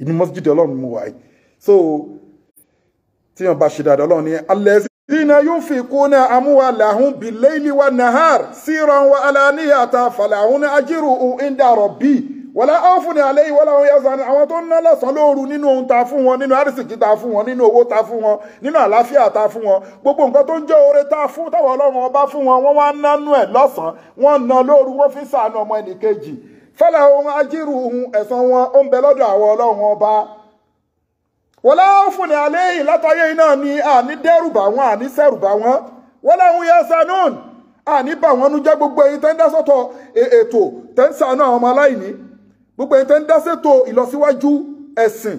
inú mọ́síjìdì ọlọ́run mo wà yìí so tí wọn bá ṣe dáadáa ọlọ́run ní alẹ́ dina yunfikuna amwalahum bilayli wa nahar siran wa alaniyata falahun ajruhu inda rabbi wala khawfun alayhi wala hum yahzanun àwọn tó ń ná lọ́sàn-án lóru nínú ohun ta fún wọn nínú àrísìkí ta fún wọn nínú owó ta fún wọn nínú àlàáfíà ta fún wọn gbogbo nǹkan tó ń jẹ́ oore ta fún táwọn ọlọ́run ọba fún wọn wọ́n wá ń nánú ẹ̀ lọ́sàn-án wọ́n ń ná lóru wọ́n fi ń ṣàánú ọmọ ẹnìkejì fẹ́lẹ̀ ohun ajírù ẹ̀san wọn ó ń bẹ lọ́dọ̀ àwọn ọlọ́run ọba wọ́n láwọn fún ní alẹ́ yìí látàyè náà ni àní dẹ́rùbà wọn àní sẹ́rùbà wọn wọ́n láwọn yẹ sanun àní bà wọn nu jẹ́ gbogbo èyí tẹ́ ń dá sọ́tọ̀ e, ètò tẹ́ ń sànú àwọn ọmọ aláìní gbogbo èyí tẹ́ ń dá sètò ìlọsíwájú ẹ̀sìn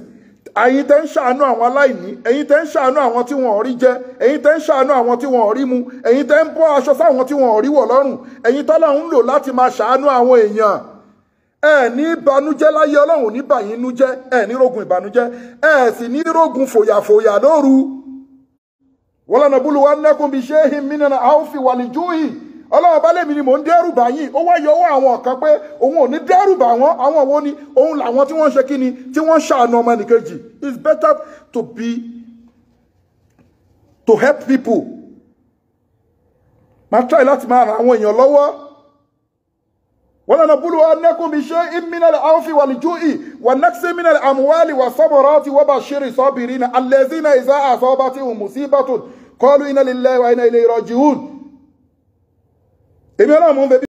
ẹ̀yin tẹ́ ń ṣàánú àwọn aláìní ẹ̀yin tẹ́ ń ṣàánú àwọn tí wọ́n rí jẹ ẹ̀yin tẹ́ ń ṣàánú àwọn tí wọ́n rí mu ẹ̀yin tẹ́ ń bọ́ aṣọ sáwọn tí wọ́n rí wọ̀ lọ́rùn ẹ̀yin tọ́lọ́run lò láti máa ṣàánú àwọn èèyàn ẹ ní ìbànújẹ́ láyé Ọlọ́run ní bàyín inú jẹ́ ẹ ní rogun ìbànújẹ́ ẹ sì ní rogun fòyàfòyà lóru wọ́n lọ́nà búlù wa nẹ́kùn bí ṣé hin mínà àófì wà lìjú yìí Ọlọ́run bá mi ni mò ń dẹ́rù báyìí ó wáyé ọwọ́ àwọn kan pé òun ò ní dẹ́rù bá wọn. àwọn wo ni òun làwọn tí wọ́n ń ṣe kí ni tí wọ́n ń ṣàánú ọmọ it is better to be to help people máa try láti máa ran àwọn èèyàn lọ́wọ́. ولنبلو أنكم بشيء من العوف والجوع والنقص من الأموال والثمرات وبشر الصابرين الذين إذا أصابتهم مصيبة قالوا إنا لله وإنا إليه راجعون.